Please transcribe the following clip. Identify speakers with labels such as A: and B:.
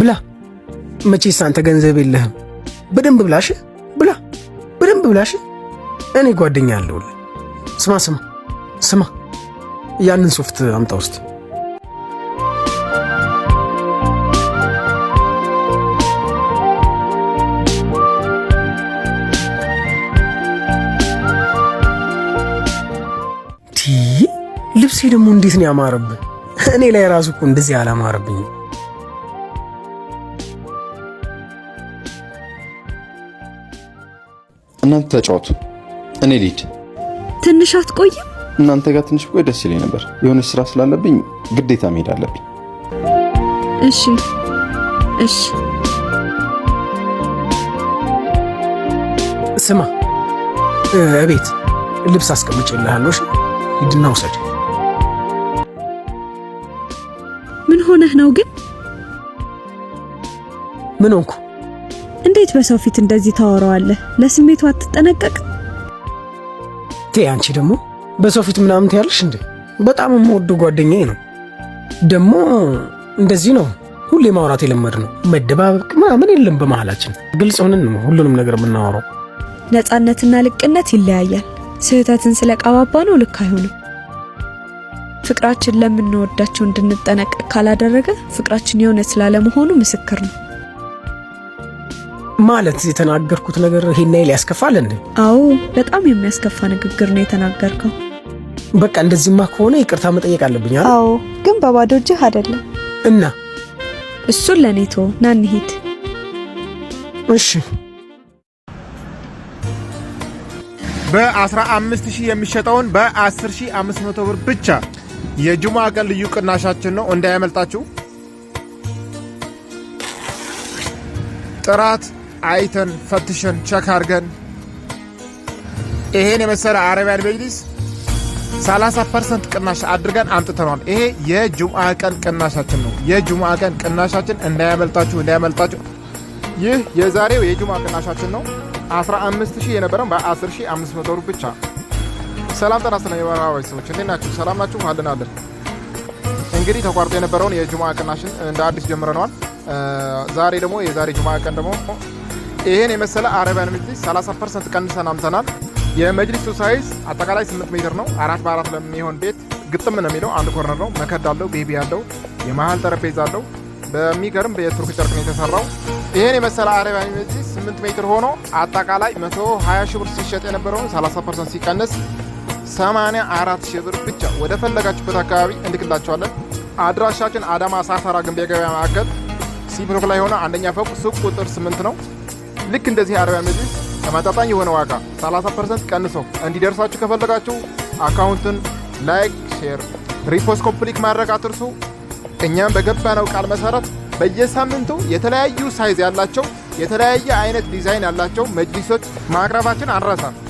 A: ብላ። መቼስ አንተ ገንዘብ የለህም። በደንብ ብላሽ ብላ፣ በደንብ ብላሽ። እኔ ጓደኛ አለሁልህ። ስማ ስማ ስማ፣ ያንን ሶፍት አምጣ ውስጥ ልብሴ ደግሞ እንዴት ነው ያማረብህ? እኔ ላይ ራሱ እኮ እንደዚህ አላማረብኝም።
B: እናንተ ተጫወቱ፣ እኔ ልሂድ።
C: ትንሽ አትቆይም?
B: እናንተ ጋር ትንሽ ቆይ ደስ ይለኝ ነበር። የሆነች ስራ ስላለብኝ ግዴታ መሄድ አለብኝ።
C: እሺ እሺ።
A: ስማ፣ እቤት ልብስ አስቀምጬልሃለሁ። እሺ፣ ሂድና ውሰድ።
C: ምን ሆነህ ነው ግን? ምን ሆንኩ? እንዴት በሰው ፊት እንደዚህ ታወራዋለህ? ለስሜቱ አትጠነቀቅ።
A: ቴ አንቺ ደግሞ በሰው ፊት ምናምን ትያለሽ እንዴ? በጣም የምወደው ጓደኛዬ ነው። ደግሞ እንደዚህ ነው ሁሌ ማውራት የለመድ ነው። መደባበቅ ምናምን የለም በመሃላችን። ግልጽ ሆነን ነው ሁሉንም ነገር የምናወራው።
C: ነፃነትና ልቅነት ይለያያል። ስህተትን ስለቀባባ ነው ልክ አይሆንም። ፍቅራችን ለምንወዳቸው እንድንጠነቀቅ ካላደረገ ፍቅራችን የእውነት ስላለመሆኑ ምስክር ነው።
A: ማለት የተናገርኩት ነገር ይሄን ያህል ያስከፋል እንዴ?
C: አዎ በጣም የሚያስከፋ ንግግር ነው የተናገርከው።
A: በቃ እንደዚህማ ከሆነ ይቅርታ መጠየቅ አለብኝ።
C: አዎ ግን በባዶ እጅህ አይደለም እና እሱን ለኔቶ ና እንሂድ።
A: እሺ
D: በ15 የሚሸጠውን በ10500 ብር ብቻ የጁማ ቀን ልዩ ቅናሻችን ነው፣ እንዳያመልጣችሁ። ጥራት አይተን ፈትሸን ቸክ አድርገን ይሄን የመሰለ አረቢያን መጅሊስ 30 ፐርሰንት ቅናሽ አድርገን አምጥተነዋል። ይሄ የጁምአ ቀን ቅናሻችን ነው። የጁምአ ቀን ቅናሻችን እንዳያመልጣችሁ እንዳያመልጣችሁ። ይህ የዛሬው የጁምአ ቅናሻችን ነው። 15000 የነበረን በ10500 ብር ብቻ። ሰላም ጠና ስለ የባራዊ ሰዎች እንዴት ናችሁ? ሰላም ናችሁ? አለን አለን። እንግዲህ ተቋርጦ የነበረውን የጁምአ ቅናሽን እንደ አዲስ ጀምረነዋል። ዛሬ ደግሞ የዛሬ ጁምአ ቀን ደግሞ ይሄን የመሰለ አረቢያን መጅሊስ 30 ፐርሰንት ቀንሰን አምተናል። የመጅሊሱ ሳይዝ አጠቃላይ 8 ሜትር ነው። አራት በአራት ለሚሆን ቤት ግጥም ነው የሚለው። አንድ ኮርነር ነው። መከድ አለው፣ ቤቢ አለው፣ የመሀል ጠረጴዛ አለው። በሚገርም የቱርክ ጨርቅ ነው የተሰራው። ይሄን የመሰለ አረቢያን መጅሊስ 8 ሜትር ሆኖ አጠቃላይ 120 ሺህ ብር ሲሸጥ የነበረውን 30 ፐርሰንት ሲቀንስ 84 ሺህ ብር ብቻ ወደ ፈለጋችሁበት አካባቢ እንልክላችኋለን። አድራሻችን አዳማ ሳርሳራ ገንቢ ገበያ ማዕከል ሲ ብሎክ ላይ ሆነ አንደኛ ፎቅ ሱቅ ቁጥር 8 ነው። ልክ እንደዚህ አረቢያ መጅሊስ ተመጣጣኝ የሆነ ዋጋ 30 ፐርሰንት ቀንሶ እንዲደርሳችሁ ከፈለጋችሁ አካውንቱን ላይክ፣ ሼር፣ ሪፖስት ኮምፕሊክ ማድረግ አትርሱ። እኛም በገባነው ቃል መሰረት በየሳምንቱ የተለያዩ ሳይዝ ያላቸው የተለያየ አይነት ዲዛይን ያላቸው መጅሊሶች ማቅረባችን አንረሳም።